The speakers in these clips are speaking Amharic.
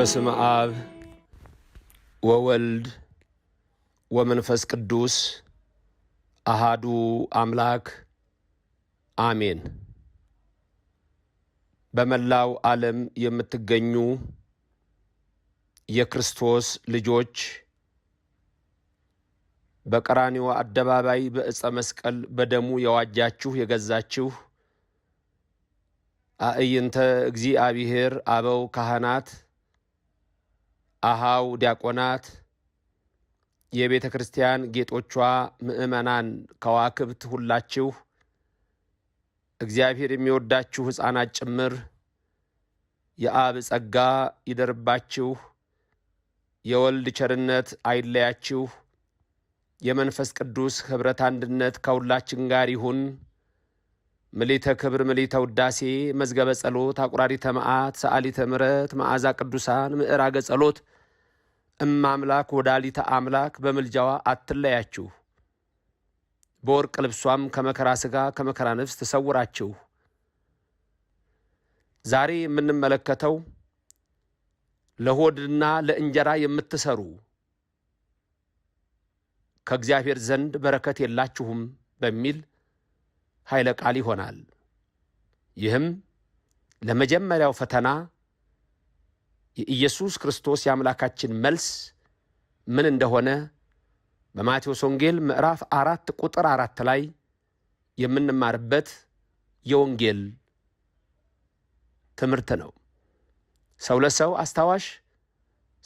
በስም አብ ወወልድ ወመንፈስ ቅዱስ አሃዱ አምላክ አሜን። በመላው ዓለም የምትገኙ የክርስቶስ ልጆች በቀራኒዋ አደባባይ በእፀ መስቀል በደሙ የዋጃችሁ የገዛችሁ አእይንተ እግዚአብሔር አበው ካህናት አሃው ዲያቆናት፣ የቤተ ክርስቲያን ጌጦቿ፣ ምእመናን ከዋክብት ሁላችሁ እግዚአብሔር የሚወዳችሁ ሕፃናት ጭምር የአብ ጸጋ ይደርባችሁ፣ የወልድ ቸርነት አይለያችሁ፣ የመንፈስ ቅዱስ ኅብረት አንድነት ከሁላችን ጋር ይሁን። ምሊተ ክብር ምሊተ ውዳሴ መዝገበ ጸሎት አቁራሪተ መዓት ሰዓሊተ ምረት መዓዛ ቅዱሳን ምዕራገ ጸሎት እማምላክ ወላዲተ አምላክ በምልጃዋ አትለያችሁ፣ በወርቅ ልብሷም ከመከራ ሥጋ ከመከራ ነፍስ ተሰውራችሁ። ዛሬ የምንመለከተው ለሆድና ለእንጀራ የምትሰሩ ከእግዚአብሔር ዘንድ በረከት የላችሁም በሚል ኃይለ ቃል ይሆናል። ይህም ለመጀመሪያው ፈተና የኢየሱስ ክርስቶስ የአምላካችን መልስ ምን እንደሆነ በማቴዎስ ወንጌል ምዕራፍ አራት ቁጥር አራት ላይ የምንማርበት የወንጌል ትምህርት ነው። ሰው ለሰው አስታዋሽ፣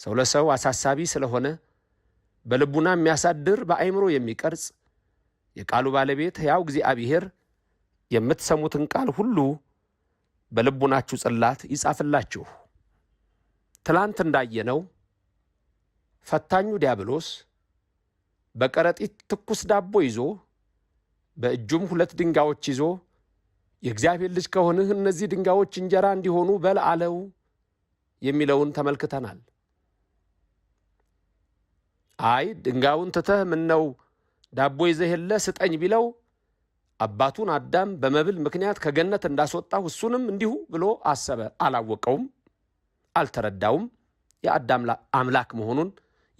ሰው ለሰው አሳሳቢ ስለሆነ በልቡና የሚያሳድር በአእምሮ የሚቀርጽ የቃሉ ባለቤት ሕያው እግዚአብሔር የምትሰሙትን ቃል ሁሉ በልቡናችሁ ጽላት ይጻፍላችሁ። ትላንት እንዳየነው ፈታኙ ዲያብሎስ በከረጢት ትኩስ ዳቦ ይዞ በእጁም ሁለት ድንጋዮች ይዞ የእግዚአብሔር ልጅ ከሆንህ እነዚህ ድንጋዮች እንጀራ እንዲሆኑ በል አለው የሚለውን ተመልክተናል። አይ ድንጋዩን ትተህ ምነው ዳቦ ይዘህ የለ ስጠኝ ቢለው አባቱን አዳም በመብል ምክንያት ከገነት እንዳስወጣው እሱንም እንዲሁ ብሎ አሰበ፣ አላወቀውም። አልተረዳውም። የአዳም አምላክ መሆኑን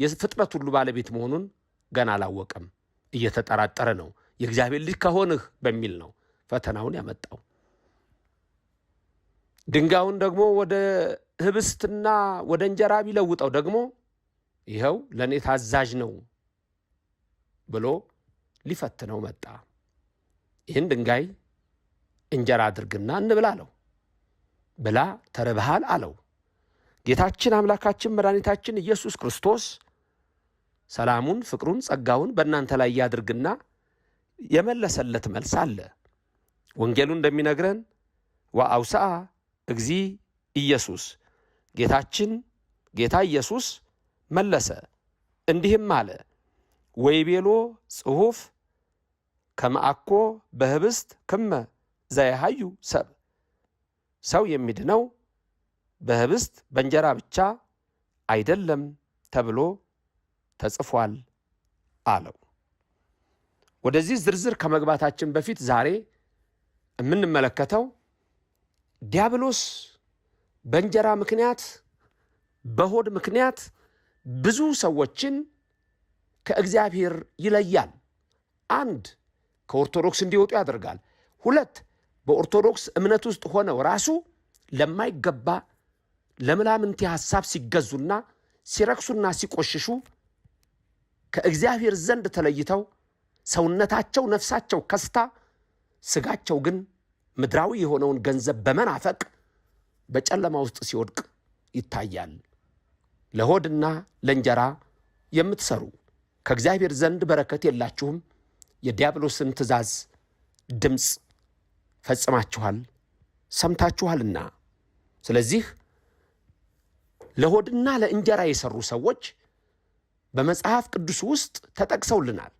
የፍጥረት ሁሉ ባለቤት መሆኑን ገና አላወቀም። እየተጠራጠረ ነው። የእግዚአብሔር ልጅ ከሆንህ በሚል ነው ፈተናውን ያመጣው። ድንጋዩን ደግሞ ወደ ህብስትና ወደ እንጀራ ቢለውጠው ደግሞ ይኸው ለእኔ ታዛዥ ነው ብሎ ሊፈትነው መጣ። ይህን ድንጋይ እንጀራ አድርግና እንብላ አለው። ብላ ተርበሃል አለው። ጌታችን አምላካችን መድኃኒታችን ኢየሱስ ክርስቶስ ሰላሙን፣ ፍቅሩን፣ ጸጋውን በእናንተ ላይ ያድርግና የመለሰለት መልስ አለ። ወንጌሉ እንደሚነግረን ወአውስአ እግዚ ኢየሱስ ጌታችን ጌታ ኢየሱስ መለሰ እንዲህም አለ ወይቤሎ ጽሑፍ ከመአኮ በህብስት ክመ ዘያሃዩ ሰብ ሰው የሚድነው በህብስት በእንጀራ ብቻ አይደለም ተብሎ ተጽፏል አለው። ወደዚህ ዝርዝር ከመግባታችን በፊት ዛሬ የምንመለከተው ዲያብሎስ በእንጀራ ምክንያት በሆድ ምክንያት ብዙ ሰዎችን ከእግዚአብሔር ይለያል። አንድ ከኦርቶዶክስ እንዲወጡ ያደርጋል። ሁለት በኦርቶዶክስ እምነት ውስጥ ሆነው ራሱ ለማይገባ ለምናምንቴ ሐሳብ ሲገዙና ሲረክሱና ሲቆሽሹ ከእግዚአብሔር ዘንድ ተለይተው ሰውነታቸው ነፍሳቸው ከስታ ስጋቸው ግን ምድራዊ የሆነውን ገንዘብ በመናፈቅ በጨለማ ውስጥ ሲወድቅ ይታያል። ለሆድና ለእንጀራ የምትሰሩ ከእግዚአብሔር ዘንድ በረከት የላችሁም፣ የዲያብሎስን ትእዛዝ ድምፅ ፈጽማችኋል ሰምታችኋልና። ስለዚህ ለሆድና ለእንጀራ የሰሩ ሰዎች በመጽሐፍ ቅዱስ ውስጥ ተጠቅሰውልናል።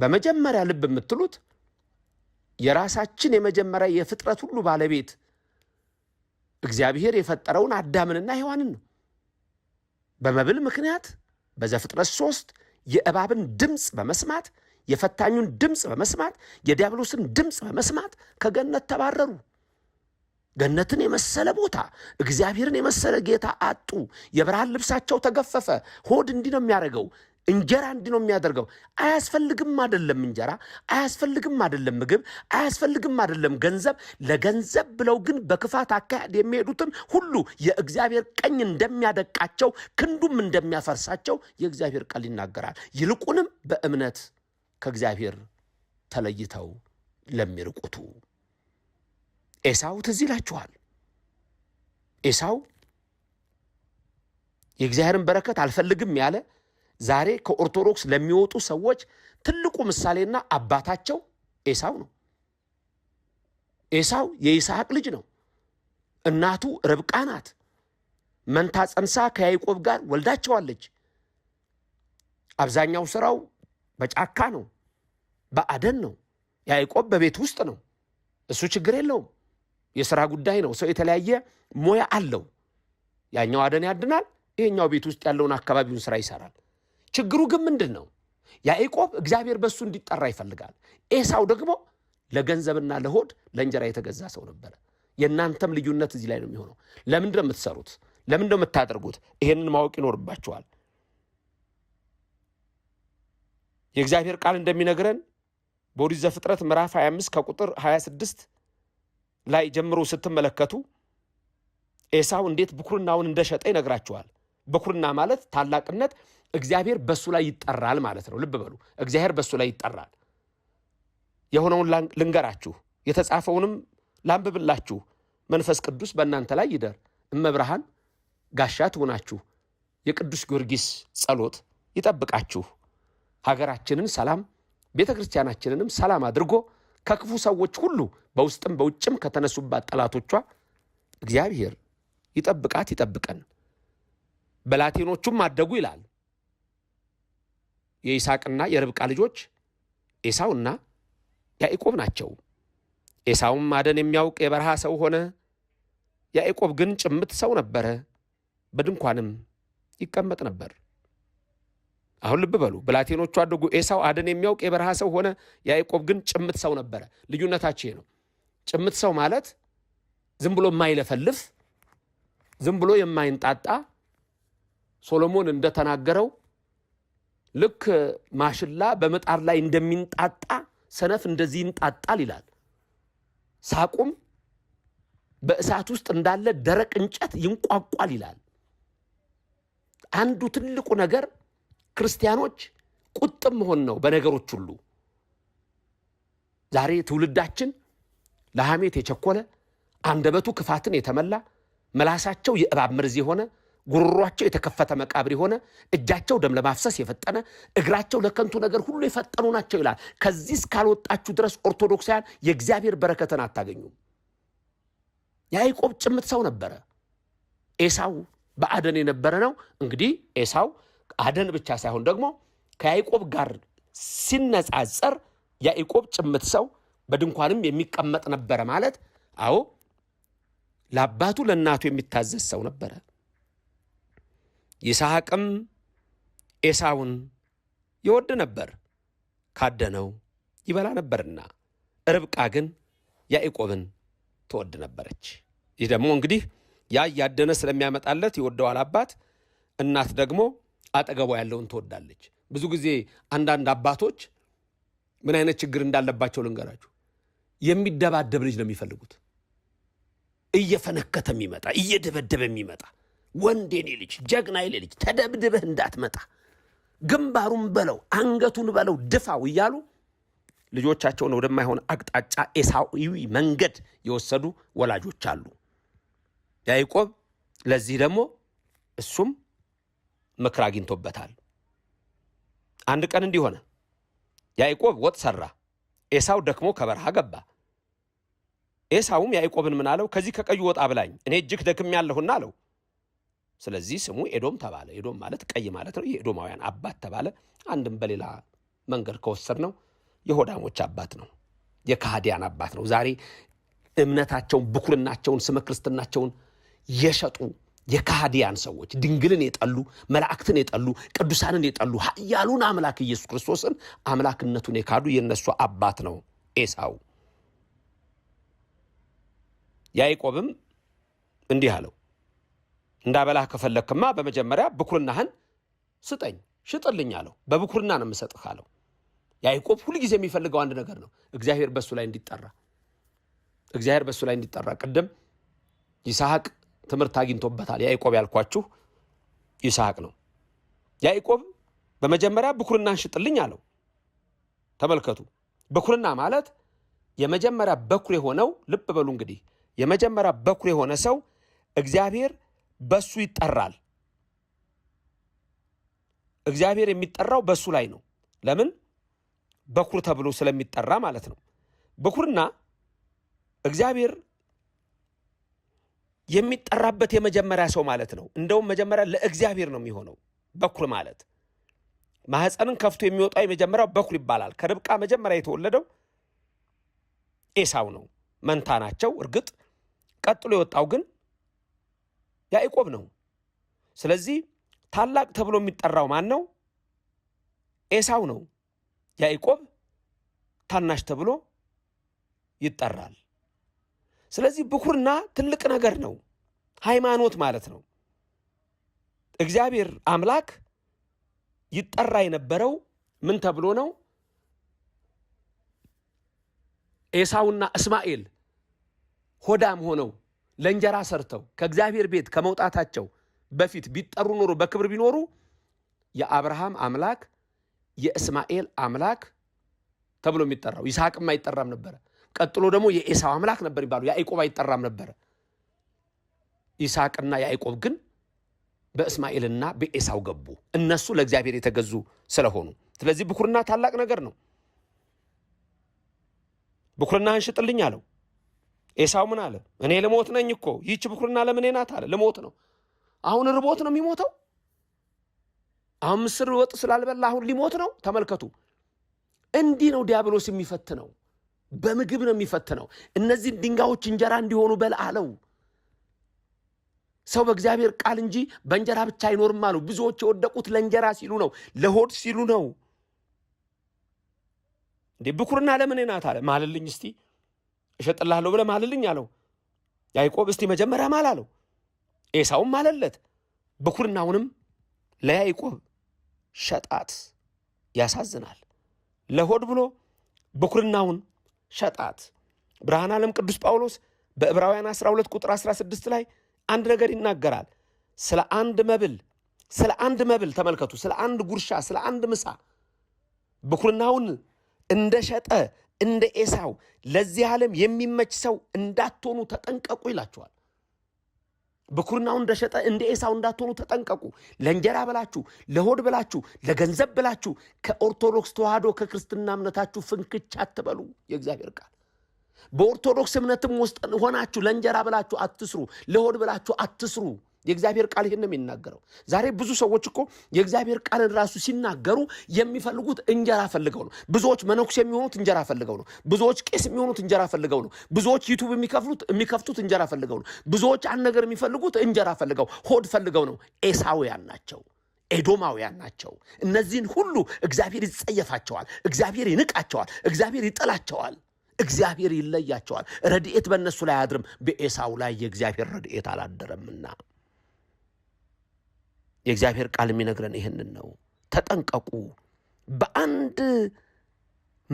በመጀመሪያ ልብ የምትሉት የራሳችን የመጀመሪያ የፍጥረት ሁሉ ባለቤት እግዚአብሔር የፈጠረውን አዳምንና ሔዋንን ነው። በመብል ምክንያት በዘፍጥረት ሶስት የእባብን ድምፅ በመስማት የፈታኙን ድምፅ በመስማት የዲያብሎስን ድምፅ በመስማት ከገነት ተባረሩ። ገነትን የመሰለ ቦታ እግዚአብሔርን የመሰለ ጌታ አጡ። የብርሃን ልብሳቸው ተገፈፈ። ሆድ እንዲህ ነው የሚያደርገው። እንጀራ እንዲህ ነው የሚያደርገው። አያስፈልግም አይደለም እንጀራ፣ አያስፈልግም አይደለም ምግብ፣ አያስፈልግም አይደለም ገንዘብ። ለገንዘብ ብለው ግን በክፋት አካሄድ የሚሄዱትን ሁሉ የእግዚአብሔር ቀኝ እንደሚያደቃቸው ክንዱም እንደሚያፈርሳቸው የእግዚአብሔር ቃል ይናገራል። ይልቁንም በእምነት ከእግዚአብሔር ተለይተው ለሚርቁቱ ኤሳው ትዝ ይላችኋል። ኤሳው የእግዚአብሔርን በረከት አልፈልግም ያለ ዛሬ ከኦርቶዶክስ ለሚወጡ ሰዎች ትልቁ ምሳሌና አባታቸው ኤሳው ነው። ኤሳው የይስሐቅ ልጅ ነው። እናቱ ርብቃ ናት። መንታ ጸንሳ ከያይቆብ ጋር ወልዳቸዋለች። አብዛኛው ስራው በጫካ ነው፣ በአደን ነው። ያይቆብ በቤት ውስጥ ነው። እሱ ችግር የለውም። የስራ ጉዳይ ነው። ሰው የተለያየ ሙያ አለው። ያኛው አደን ያድናል፣ ይሄኛው ቤት ውስጥ ያለውን አካባቢውን ስራ ይሰራል። ችግሩ ግን ምንድን ነው? ያዕቆብ እግዚአብሔር በእሱ እንዲጠራ ይፈልጋል። ኤሳው ደግሞ ለገንዘብና ለሆድ ለእንጀራ የተገዛ ሰው ነበረ። የእናንተም ልዩነት እዚህ ላይ ነው የሚሆነው። ለምንድ ነው የምትሰሩት? ለምንድ ነው የምታደርጉት? ይሄንን ማወቅ ይኖርባቸዋል የእግዚአብሔር ቃል እንደሚነግረን በኦሪት ዘፍጥረት ምዕራፍ 25 ከቁጥር 26 ላይ ጀምሮ ስትመለከቱ ኤሳው እንዴት ብኩርናውን እንደሸጠ ይነግራችኋል። ብኩርና ማለት ታላቅነት፣ እግዚአብሔር በሱ ላይ ይጠራል ማለት ነው። ልብ በሉ፣ እግዚአብሔር በሱ ላይ ይጠራል። የሆነውን ልንገራችሁ፣ የተጻፈውንም ላንብብላችሁ። መንፈስ ቅዱስ በእናንተ ላይ ይደር፣ እመብርሃን ጋሻ ትሆናችሁ። የቅዱስ ጊዮርጊስ ጸሎት ይጠብቃችሁ። ሀገራችንን ሰላም፣ ቤተ ክርስቲያናችንንም ሰላም አድርጎ ከክፉ ሰዎች ሁሉ በውስጥም በውጭም ከተነሱባት ጠላቶቿ እግዚአብሔር ይጠብቃት ይጠብቀን። በላቴኖቹም አደጉ ይላል። የይስሐቅና የርብቃ ልጆች ኤሳውና ያዕቆብ ናቸው። ኤሳውም ማደን የሚያውቅ የበረሃ ሰው ሆነ። ያዕቆብ ግን ጭምት ሰው ነበረ፣ በድንኳንም ይቀመጥ ነበር። አሁን ልብ በሉ ብላቴኖቹ አደጉ። ኤሳው አደን የሚያውቅ የበረሃ ሰው ሆነ። ያዕቆብ ግን ጭምት ሰው ነበረ። ልዩነታቸው ነው። ጭምት ሰው ማለት ዝም ብሎ የማይለፈልፍ ዝም ብሎ የማይንጣጣ ሶሎሞን እንደተናገረው ልክ ማሽላ በምጣድ ላይ እንደሚንጣጣ ሰነፍ እንደዚህ ይንጣጣል ይላል። ሳቁም በእሳት ውስጥ እንዳለ ደረቅ እንጨት ይንቋቋል ይላል። አንዱ ትልቁ ነገር ክርስቲያኖች ቁጥም መሆን ነው በነገሮች ሁሉ። ዛሬ ትውልዳችን ለሐሜት የቸኮለ አንደበቱ ክፋትን የተመላ መላሳቸው የእባብ መርዝ የሆነ ጉሮሯቸው የተከፈተ መቃብር የሆነ እጃቸው ደም ለማፍሰስ የፈጠነ እግራቸው ለከንቱ ነገር ሁሉ የፈጠኑ ናቸው ይላል። ከዚህ እስካልወጣችሁ ድረስ ኦርቶዶክሳውያን የእግዚአብሔር በረከትን አታገኙም። ያዕቆብ ጭምት ሰው ነበረ። ኤሳው በአደን የነበረ ነው። እንግዲህ ኤሳው አደን ብቻ ሳይሆን ደግሞ ከያዕቆብ ጋር ሲነጻጸር ያዕቆብ ጭምት ሰው በድንኳንም የሚቀመጥ ነበረ ማለት አዎ ለአባቱ ለእናቱ የሚታዘዝ ሰው ነበረ። ይስሐቅም ኤሳውን ይወድ ነበር፣ ካደነው ይበላ ነበርና። ርብቃ ግን ያዕቆብን ትወድ ነበረች። ይህ ደግሞ እንግዲህ ያ እያደነ ስለሚያመጣለት ይወደዋል አባት እናት ደግሞ አጠገቧ ያለውን ትወዳለች። ብዙ ጊዜ አንዳንድ አባቶች ምን አይነት ችግር እንዳለባቸው ልንገራችሁ። የሚደባደብ ልጅ ነው የሚፈልጉት። እየፈነከተ የሚመጣ እየደበደበ የሚመጣ ወንድ የኔ ልጅ ጀግና የኔ ልጅ ተደብድበህ እንዳትመጣ ግንባሩን በለው አንገቱን በለው ድፋው እያሉ ልጆቻቸውን ወደማይሆን አቅጣጫ ኤሳዊ መንገድ የወሰዱ ወላጆች አሉ። ያዕቆብ ለዚህ ደግሞ እሱም ምክር አግኝቶበታል። አንድ ቀን እንዲህ ሆነ። ያዕቆብ ወጥ ሰራ፣ ኤሳው ደክሞ ከበረሃ ገባ። ኤሳውም ያዕቆብን ምን አለው? ከዚህ ከቀዩ ወጣ ብላኝ እኔ እጅግ ደክም ያለሁና አለው። ስለዚህ ስሙ ኤዶም ተባለ። ኤዶም ማለት ቀይ ማለት ነው። የኤዶማውያን አባት ተባለ። አንድም በሌላ መንገድ ከወሰድ ነው የሆዳሞች አባት ነው፣ የካህዲያን አባት ነው። ዛሬ እምነታቸውን፣ ብኩርናቸውን፣ ስመ ክርስትናቸውን የሸጡ የካሃዲያን ሰዎች ድንግልን የጠሉ መላእክትን የጠሉ ቅዱሳንን የጠሉ ኃያሉን አምላክ ኢየሱስ ክርስቶስን አምላክነቱን የካዱ የእነሱ አባት ነው ኤሳው። ያዕቆብም እንዲህ አለው፣ እንዳበላህ ከፈለክማ በመጀመሪያ ብኩርናህን ስጠኝ፣ ሽጥልኝ አለው። በብኩርና ነው የምሰጥህ አለው። ያዕቆብ ሁልጊዜ የሚፈልገው አንድ ነገር ነው፣ እግዚአብሔር በሱ ላይ እንዲጠራ እግዚአብሔር በሱ ላይ እንዲጠራ። ቅድም ይስሐቅ ትምህርት አግኝቶበታል። ያዕቆብ ያልኳችሁ ይስሐቅ ነው። ያዕቆብ በመጀመሪያ ብኩርና ሽጥልኝ አለው። ተመልከቱ፣ ብኩርና ማለት የመጀመሪያ በኩር የሆነው ልብ በሉ እንግዲህ፣ የመጀመሪያ በኩር የሆነ ሰው እግዚአብሔር በሱ ይጠራል። እግዚአብሔር የሚጠራው በሱ ላይ ነው። ለምን? በኩር ተብሎ ስለሚጠራ ማለት ነው። ብኩርና እግዚአብሔር የሚጠራበት የመጀመሪያ ሰው ማለት ነው። እንደውም መጀመሪያ ለእግዚአብሔር ነው የሚሆነው በኩር ማለት ማህፀንን ከፍቶ የሚወጣው የመጀመሪያው በኩር ይባላል። ከርብቃ መጀመሪያ የተወለደው ኤሳው ነው፣ መንታ ናቸው። እርግጥ ቀጥሎ የወጣው ግን ያዕቆብ ነው። ስለዚህ ታላቅ ተብሎ የሚጠራው ማን ነው? ኤሳው ነው። ያዕቆብ ታናሽ ተብሎ ይጠራል። ስለዚህ ብኩርና ትልቅ ነገር ነው፣ ሃይማኖት ማለት ነው። እግዚአብሔር አምላክ ይጠራ የነበረው ምን ተብሎ ነው? ኤሳውና እስማኤል ሆዳም ሆነው ለእንጀራ ሰርተው ከእግዚአብሔር ቤት ከመውጣታቸው በፊት ቢጠሩ ኖሩ በክብር ቢኖሩ የአብርሃም አምላክ የእስማኤል አምላክ ተብሎ የሚጠራው ይስሐቅም አይጠራም ነበረ። ቀጥሎ ደግሞ የኤሳው አምላክ ነበር ይባሉ። ያዕቆብ አይጠራም ነበረ። ይስሐቅና ያዕቆብ ግን በእስማኤልና በኤሳው ገቡ። እነሱ ለእግዚአብሔር የተገዙ ስለሆኑ፣ ስለዚህ ብኩርና ታላቅ ነገር ነው። ብኩርናህን ሽጥልኝ አለው። ኤሳው ምን አለ? እኔ ልሞት ነኝ እኮ ይህች ብኩርና ለምኔ ናት አለ። ልሞት ነው። አሁን ርቦት ነው የሚሞተው። አሁን ምስር ወጥ ስላልበላ አሁን ሊሞት ነው። ተመልከቱ፣ እንዲህ ነው ዲያብሎስ የሚፈትነው። በምግብ ነው የሚፈትነው። እነዚህን ድንጋዮች እንጀራ እንዲሆኑ በል አለው። ሰው በእግዚአብሔር ቃል እንጂ በእንጀራ ብቻ አይኖርም አሉ። ብዙዎች የወደቁት ለእንጀራ ሲሉ ነው፣ ለሆድ ሲሉ ነው። እንዴ ብኩርና ለምን ናት አለ። ማልልኝ እስቲ እሸጥልሃለሁ ብለህ ማልልኝ አለው። ያዕቆብ እስቲ መጀመሪያ ማል አለው። ኤሳውም ማለለት። ብኩርናውንም ለያዕቆብ ሸጣት። ያሳዝናል። ለሆድ ብሎ ብኩርናውን ሸጣት። ብርሃን ዓለም ቅዱስ ጳውሎስ በዕብራውያን 12 ቁጥር 16 ላይ አንድ ነገር ይናገራል። ስለ አንድ መብል ስለ አንድ መብል ተመልከቱ፣ ስለ አንድ ጉርሻ፣ ስለ አንድ ምሳ ብኩርናውን እንደሸጠ እንደ ኤሳው ለዚህ ዓለም የሚመች ሰው እንዳትሆኑ ተጠንቀቁ ይላቸዋል። ብኩርናውን እንደሸጠ እንደ ኤሳው እንዳትሆኑ ተጠንቀቁ። ለእንጀራ ብላችሁ፣ ለሆድ ብላችሁ፣ ለገንዘብ ብላችሁ ከኦርቶዶክስ ተዋህዶ ከክርስትና እምነታችሁ ፍንክች አትበሉ። የእግዚአብሔር ቃል በኦርቶዶክስ እምነትም ውስጥ ሆናችሁ ለእንጀራ ብላችሁ አትስሩ፣ ለሆድ ብላችሁ አትስሩ። የእግዚአብሔር ቃል ይህን ነው የሚናገረው። ዛሬ ብዙ ሰዎች እኮ የእግዚአብሔር ቃልን ራሱ ሲናገሩ የሚፈልጉት እንጀራ ፈልገው ነው። ብዙዎች መነኩስ የሚሆኑት እንጀራ ፈልገው ነው። ብዙዎች ቄስ የሚሆኑት እንጀራ ፈልገው ነው። ብዙዎች ዩቱብ የሚከፍሉት የሚከፍቱት እንጀራ ፈልገው ነው። ብዙዎች አንድ ነገር የሚፈልጉት እንጀራ ፈልገው ሆድ ፈልገው ነው። ኤሳውያን ናቸው። ኤዶማውያን ናቸው። እነዚህን ሁሉ እግዚአብሔር ይጸየፋቸዋል። እግዚአብሔር ይንቃቸዋል። እግዚአብሔር ይጥላቸዋል እግዚአብሔር ይለያቸዋል። ረድኤት በእነሱ ላይ አያድርም፣ በኤሳው ላይ የእግዚአብሔር ረድኤት አላደረምና የእግዚአብሔር ቃል የሚነግረን ይህንን ነው። ተጠንቀቁ። በአንድ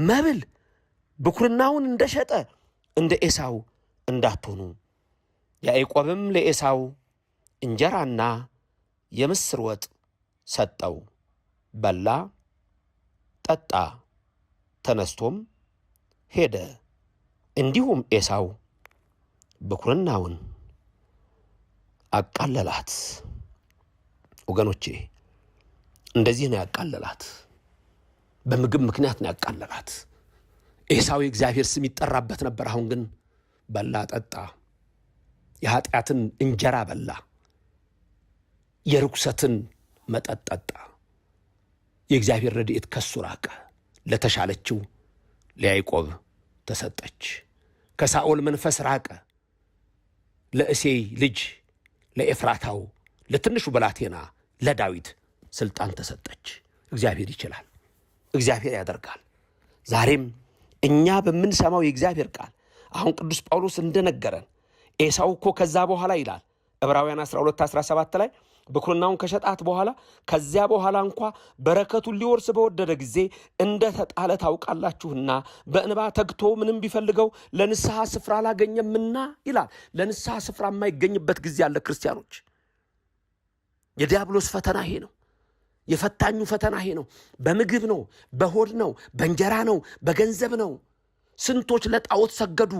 መብል ብኩርናውን እንደሸጠ እንደ ኤሳው እንዳትሆኑ። ያዕቆብም ለኤሳው እንጀራና የምስር ወጥ ሰጠው። በላ፣ ጠጣ፣ ተነስቶም ሄደ። እንዲሁም ኤሳው ብኩርናውን አቃለላት። ወገኖቼ እንደዚህ ነው ያቃለላት። በምግብ ምክንያት ነው ያቃለላት። ኤሳው የእግዚአብሔር ስም ይጠራበት ነበር። አሁን ግን በላ፣ ጠጣ፣ የኃጢአትን እንጀራ በላ፣ የርኩሰትን መጠጥ ጠጣ። የእግዚአብሔር ረድኤት ከሱ ራቀ። ለተሻለችው ለያዕቆብ ተሰጠች። ከሳኦል መንፈስ ራቀ። ለእሴይ ልጅ ለኤፍራታው ለትንሹ ብላቴና ለዳዊት ስልጣን ተሰጠች። እግዚአብሔር ይችላል። እግዚአብሔር ያደርጋል። ዛሬም እኛ በምንሰማው የእግዚአብሔር ቃል አሁን ቅዱስ ጳውሎስ እንደነገረን ኤሳው እኮ ከዛ በኋላ ይላል ዕብራውያን 12 17 ላይ ብኩርናውን ከሸጣት በኋላ ከዚያ በኋላ እንኳ በረከቱን ሊወርስ በወደደ ጊዜ እንደ ተጣለ ታውቃላችሁና በእንባ ተግቶ ምንም ቢፈልገው ለንስሐ ስፍራ አላገኘምና ይላል። ለንስሐ ስፍራ የማይገኝበት ጊዜ አለ ክርስቲያኖች የዲያብሎስ ፈተና ይሄ ነው። የፈታኙ ፈተና ይሄ ነው። በምግብ ነው፣ በሆድ ነው፣ በእንጀራ ነው፣ በገንዘብ ነው። ስንቶች ለጣዖት ሰገዱ።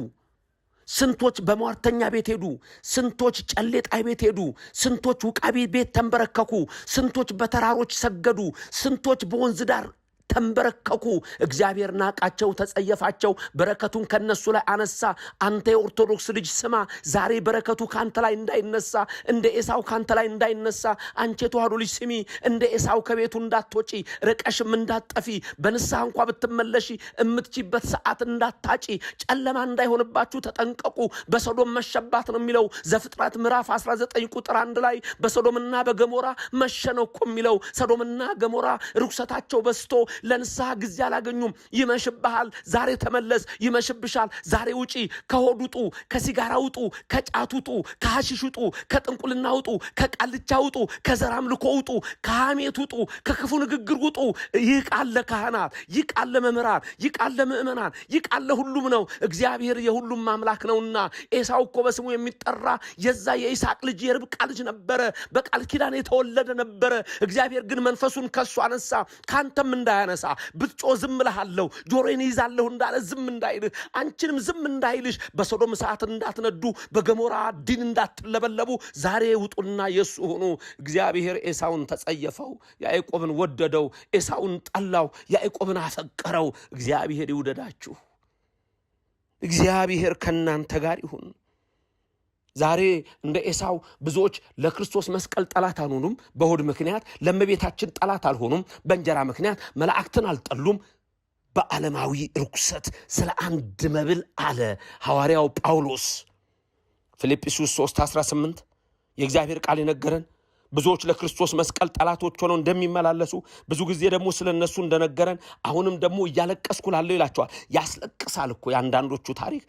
ስንቶች በሟርተኛ ቤት ሄዱ። ስንቶች ጨሌጣ ቤት ሄዱ። ስንቶች ውቃቢ ቤት ተንበረከኩ። ስንቶች በተራሮች ሰገዱ። ስንቶች በወንዝ ዳር ተንበረከኩ። እግዚአብሔር ናቃቸው፣ ተጸየፋቸው። በረከቱን ከነሱ ላይ አነሳ። አንተ የኦርቶዶክስ ልጅ ስማ፣ ዛሬ በረከቱ ካንተ ላይ እንዳይነሳ፣ እንደ ኤሳው ካንተ ላይ እንዳይነሳ። አንቺ የተዋህዶ ልጅ ስሚ፣ እንደ ኤሳው ከቤቱ እንዳትወጪ፣ ርቀሽም እንዳትጠፊ፣ በንስሐ እንኳ ብትመለሺ የምትችበት ሰዓት እንዳታጪ፣ ጨለማ እንዳይሆንባችሁ ተጠንቀቁ። በሰዶም መሸባት ነው የሚለው ዘፍጥረት ምዕራፍ 19 ቁጥር አንድ ላይ በሰዶምና በገሞራ መሸነው የሚለው ሰዶምና ገሞራ ርኩሰታቸው በስቶ ለንስሐ ጊዜ አላገኙም። ይመሽብሃል፣ ዛሬ ተመለስ። ይመሽብሻል፣ ዛሬ ውጪ። ከሆድ ውጡ፣ ከሲጋራ ውጡ፣ ከጫት ውጡ፣ ከሐሽሽ ውጡ፣ ከጥንቁልና ውጡ፣ ከቃልቻ ውጡ፣ ከዘር አምልኮ ውጡ፣ ከሐሜት ውጡ፣ ከክፉ ንግግር ውጡ። ይህ ቃል ለካህናት፣ ይህ ቃል ለመምህራን፣ ይህ ቃል ለምእመናን፣ ይህ ቃል ለሁሉም ነው። እግዚአብሔር የሁሉም አምላክ ነውና ኤሳው እኮ በስሙ የሚጠራ የዛ የይስሐቅ ልጅ የርብቃ ልጅ ነበረ። በቃል ኪዳን የተወለደ ነበረ። እግዚአብሔር ግን መንፈሱን ከሱ አነሳ ከአንተም እንዳያ እንዳታነሳ ብትጮ ዝም እልሃለሁ፣ ጆሮዬን ይዛለሁ እንዳለ ዝም እንዳይልህ አንቺንም ዝም እንዳይልሽ፣ በሶዶም እሳት እንዳትነዱ፣ በገሞራ ዲን እንዳትለበለቡ ዛሬ ውጡና የእሱ ሁኑ። እግዚአብሔር ኤሳውን ተጸየፈው፣ ያዕቆብን ወደደው። ኤሳውን ጠላው፣ ያዕቆብን አፈቀረው። እግዚአብሔር ይውደዳችሁ። እግዚአብሔር ከእናንተ ጋር ይሁን። ዛሬ እንደ ኤሳው ብዙዎች ለክርስቶስ መስቀል ጠላት አልሆኑም። በሆድ ምክንያት ለእመቤታችን ጠላት አልሆኑም። በእንጀራ ምክንያት መላእክትን አልጠሉም። በዓለማዊ ርኩሰት ስለ አንድ መብል አለ ሐዋርያው ጳውሎስ ፊልጵስዩስ 3 18 የእግዚአብሔር ቃል የነገረን ብዙዎች ለክርስቶስ መስቀል ጠላቶች ሆነው እንደሚመላለሱ ብዙ ጊዜ ደግሞ ስለ እነሱ እንደነገረን አሁንም ደግሞ እያለቀስኩ ላለው ይላቸዋል። ያስለቅሳል እኮ የአንዳንዶቹ ታሪክ፣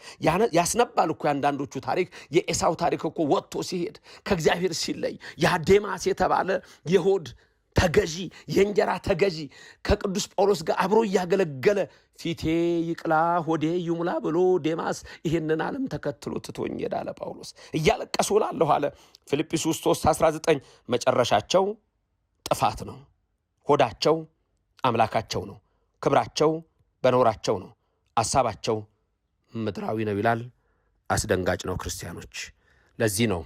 ያስነባል እኮ የአንዳንዶቹ ታሪክ። የኤሳው ታሪክ እኮ ወጥቶ ሲሄድ ከእግዚአብሔር ሲለይ ያዴማስ የተባለ የሆድ ተገዢ የእንጀራ ተገዢ ከቅዱስ ጳውሎስ ጋር አብሮ እያገለገለ ፊቴ ይቅላ ሆዴ ይሙላ ብሎ ዴማስ ይህንን ዓለም ተከትሎ ትቶኝ ሄዳለ። ጳውሎስ። እያለቀሱ ላለሁ አለ ፊልጵስዩስ 3፥19 መጨረሻቸው ጥፋት ነው። ሆዳቸው አምላካቸው ነው፣ ክብራቸው በኖራቸው ነው፣ አሳባቸው ምድራዊ ነው ይላል። አስደንጋጭ ነው ክርስቲያኖች። ለዚህ ነው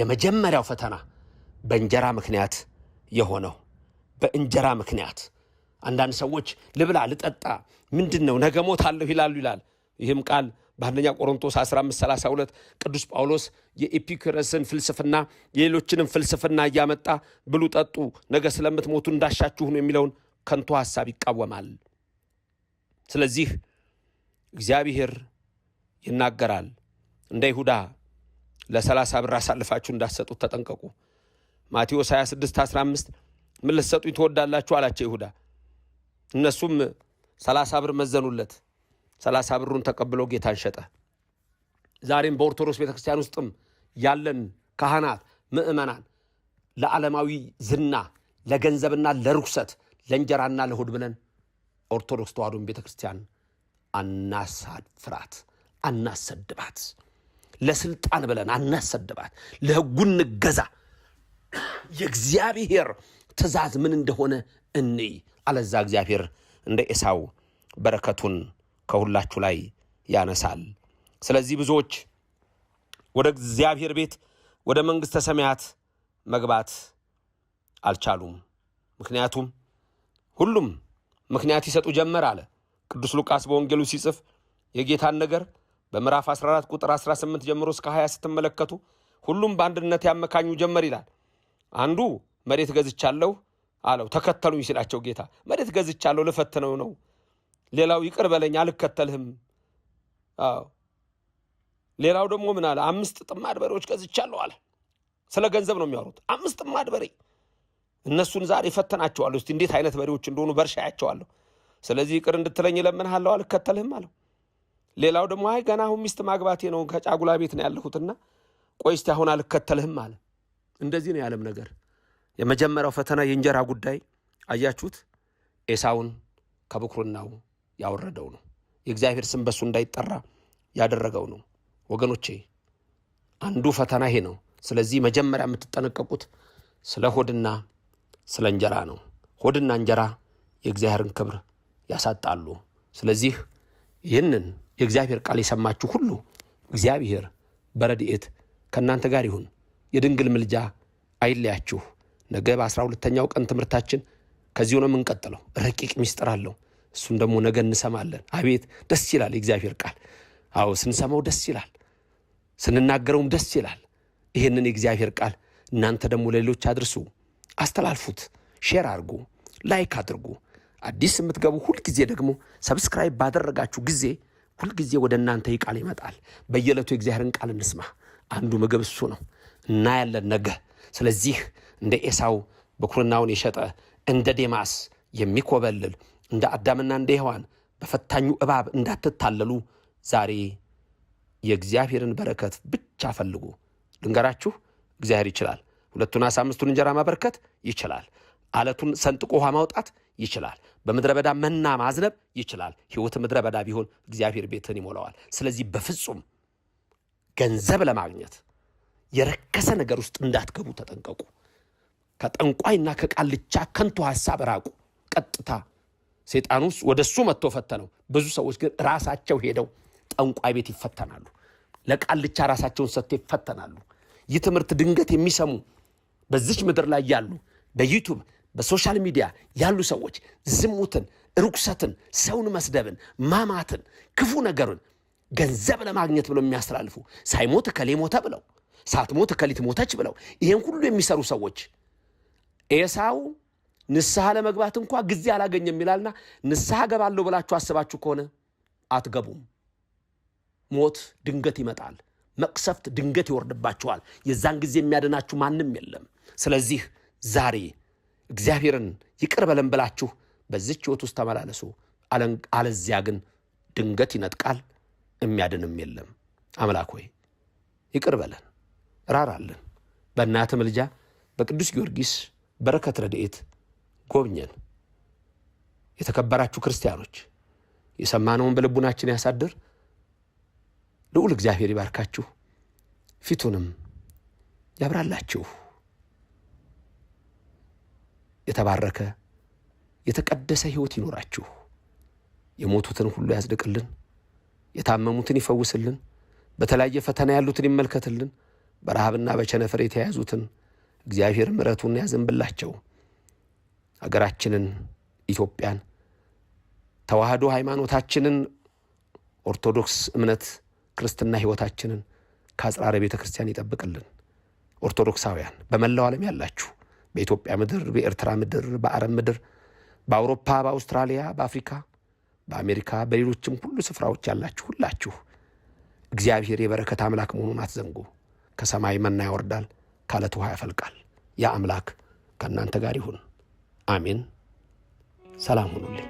የመጀመሪያው ፈተና በእንጀራ ምክንያት የሆነው። በእንጀራ ምክንያት አንዳንድ ሰዎች ልብላ ልጠጣ፣ ምንድን ነው ነገ ሞታለሁ ይላሉ ይላል ይህም ቃል በአንደኛ ቆሮንቶስ 1532 ቅዱስ ጳውሎስ የኢፒክረስን ፍልስፍና የሌሎችንም ፍልስፍና እያመጣ ብሉ፣ ጠጡ፣ ነገ ስለምትሞቱ እንዳሻችሁ ነው የሚለውን ከንቱ ሐሳብ ይቃወማል። ስለዚህ እግዚአብሔር ይናገራል። እንደ ይሁዳ ለሰላሳ ብር አሳልፋችሁ እንዳትሰጡት ተጠንቀቁ። ማቴዎስ 26 15 ምን ልትሰጡኝ ትወዳላችሁ አላቸው ይሁዳ። እነሱም ሰላሳ ብር መዘኑለት። ሰላሳ ብሩን ተቀብሎ ጌታን ሸጠ። ዛሬም በኦርቶዶክስ ቤተክርስቲያን ውስጥም ያለን ካህናት፣ ምእመናን ለዓለማዊ ዝና፣ ለገንዘብና ለርኩሰት፣ ለእንጀራና ለሆድ ብለን ኦርቶዶክስ ተዋሕዶን ቤተክርስቲያን አናሳፍራት፣ አናሰድባት። ለስልጣን ብለን አናሰድባት። ለህጉን እንገዛ። የእግዚአብሔር ትእዛዝ ምን እንደሆነ እንይ። አለዛ እግዚአብሔር እንደ ኤሳው በረከቱን ከሁላችሁ ላይ ያነሳል። ስለዚህ ብዙዎች ወደ እግዚአብሔር ቤት ወደ መንግሥተ ሰማያት መግባት አልቻሉም። ምክንያቱም ሁሉም ምክንያት ይሰጡ ጀመር አለ ቅዱስ ሉቃስ በወንጌሉ ሲጽፍ የጌታን ነገር በምዕራፍ 14 ቁጥር 18 ጀምሮ እስከ 20 ስትመለከቱ ሁሉም በአንድነት ያመካኙ ጀመር ይላል። አንዱ መሬት ገዝቻለሁ አለው፣ ተከተሉኝ ሲላቸው ጌታ መሬት ገዝቻለሁ ልፈትነው ነው ሌላው ይቅር በለኝ አልከተልህም። አዎ ሌላው ደግሞ ምን አለ? አምስት ጥማድ በሬዎች ገዝቻለሁ አለ። ስለ ገንዘብ ነው የሚያወሩት። አምስት ጥማድ በሬ እነሱን ዛሬ ፈተናቸዋለሁ። እስቲ እንዴት አይነት በሬዎች እንደሆኑ በእርሻ ያቸዋለሁ። ስለዚህ ይቅር እንድትለኝ እለምንሃለሁ፣ አልከተልህም አለው። ሌላው ደግሞ አይ ገና አሁን ሚስት ማግባቴ ነው ከጫጉላ ቤት ነው ያለሁትና ቆይ እስቲ አሁን አልከተልህም አለ። እንደዚህ ነው የዓለም ነገር። የመጀመሪያው ፈተና የእንጀራ ጉዳይ አያችሁት፣ ኤሳውን ከብኩርናው ያወረደው ነው። የእግዚአብሔር ስም በእሱ እንዳይጠራ ያደረገው ነው። ወገኖቼ አንዱ ፈተና ይሄ ነው። ስለዚህ መጀመሪያ የምትጠነቀቁት ስለ ሆድና ስለ እንጀራ ነው። ሆድና እንጀራ የእግዚአብሔርን ክብር ያሳጣሉ። ስለዚህ ይህንን የእግዚአብሔር ቃል የሰማችሁ ሁሉ እግዚአብሔር በረድኤት ከእናንተ ጋር ይሁን። የድንግል ምልጃ አይለያችሁ። ነገ በአስራ ሁለተኛው ቀን ትምህርታችን ከዚሁ ነው የምንቀጥለው። ረቂቅ ሚስጥር አለው። እሱን ደግሞ ነገ እንሰማለን። አቤት ደስ ይላል የእግዚአብሔር ቃል። አዎ ስንሰማው ደስ ይላል፣ ስንናገረውም ደስ ይላል። ይህንን የእግዚአብሔር ቃል እናንተ ደግሞ ለሌሎች አድርሱ፣ አስተላልፉት፣ ሼር አድርጉ፣ ላይክ አድርጉ። አዲስ የምትገቡ ሁልጊዜ ደግሞ ሰብስክራይብ ባደረጋችሁ ጊዜ ሁልጊዜ ወደ እናንተ ይህ ቃል ይመጣል። በየዕለቱ የእግዚአብሔርን ቃል እንስማ። አንዱ ምግብ እሱ ነው እና ያለን ነገ። ስለዚህ እንደ ኤሳው በኩርናውን የሸጠ እንደ ዴማስ የሚኮበልል እንደ አዳምና እንደ ሔዋን በፈታኙ እባብ እንዳትታለሉ ዛሬ የእግዚአብሔርን በረከት ብቻ ፈልጉ። ልንገራችሁ፣ እግዚአብሔር ይችላል። ሁለቱን ዓሣ አምስቱን እንጀራ ማበርከት ይችላል። አለቱን ሰንጥቆ ውሃ ማውጣት ይችላል። በምድረ በዳ መና ማዝነብ ይችላል። ሕይወት ምድረ በዳ ቢሆን እግዚአብሔር ቤትን ይሞላዋል። ስለዚህ በፍጹም ገንዘብ ለማግኘት የረከሰ ነገር ውስጥ እንዳትገቡ ተጠንቀቁ። ከጠንቋይና ከቃልቻ ከንቱ ሀሳብ ራቁ። ቀጥታ ሴጣኑ ወደ እሱ መጥቶ ፈተነው። ብዙ ሰዎች ግን ራሳቸው ሄደው ጠንቋይ ቤት ይፈተናሉ። ለቃልቻ ራሳቸውን ሰጥተው ይፈተናሉ። ይህ ትምህርት ድንገት የሚሰሙ በዚች ምድር ላይ ያሉ በዩቱብ በሶሻል ሚዲያ ያሉ ሰዎች ዝሙትን፣ ርኩሰትን፣ ሰውን መስደብን፣ ማማትን፣ ክፉ ነገርን ገንዘብ ለማግኘት ብለው የሚያስተላልፉ ሳይሞት እከሌ ሞተ ብለው ሳትሞት እከሊት ሞተች ብለው ይህን ሁሉ የሚሰሩ ሰዎች ኤሳው ንስሐ ለመግባት እንኳ ጊዜ አላገኘም ይላልና ንስሐ ገባለሁ ብላችሁ አስባችሁ ከሆነ አትገቡም። ሞት ድንገት ይመጣል። መቅሰፍት ድንገት ይወርድባችኋል። የዛን ጊዜ የሚያድናችሁ ማንም የለም። ስለዚህ ዛሬ እግዚአብሔርን ይቅር በለን ብላችሁ በዚች ህይወት ውስጥ ተመላለሱ። አለዚያ ግን ድንገት ይነጥቃል፣ የሚያድንም የለም። አምላክ ሆይ ይቅር በለን፣ ራራለን። በእናተ ምልጃ በቅዱስ ጊዮርጊስ በረከት ረድኤት ጎብኘን። የተከበራችሁ ክርስቲያኖች የሰማነውን በልቡናችን ያሳድር። ልዑል እግዚአብሔር ይባርካችሁ፣ ፊቱንም ያብራላችሁ። የተባረከ የተቀደሰ ሕይወት ይኖራችሁ። የሞቱትን ሁሉ ያጽድቅልን፣ የታመሙትን ይፈውስልን፣ በተለያየ ፈተና ያሉትን ይመልከትልን፣ በረሃብና በቸነፈር የተያዙትን እግዚአብሔር ምረቱን ያዘንብላቸው። ሀገራችንን ኢትዮጵያን ተዋህዶ ሃይማኖታችንን ኦርቶዶክስ እምነት ክርስትና ህይወታችንን ከአጽራረ ቤተ ክርስቲያን ይጠብቅልን። ኦርቶዶክሳውያን በመላው ዓለም ያላችሁ በኢትዮጵያ ምድር፣ በኤርትራ ምድር፣ በአረብ ምድር፣ በአውሮፓ፣ በአውስትራሊያ፣ በአፍሪካ፣ በአሜሪካ፣ በሌሎችም ሁሉ ስፍራዎች ያላችሁ ሁላችሁ እግዚአብሔር የበረከት አምላክ መሆኑን አትዘንጉ። ከሰማይ መና ያወርዳል፣ ካለት ውሃ ያፈልቃል። ያ አምላክ ከእናንተ ጋር ይሁን። አሜን። ሰላም ሁኑልኝ።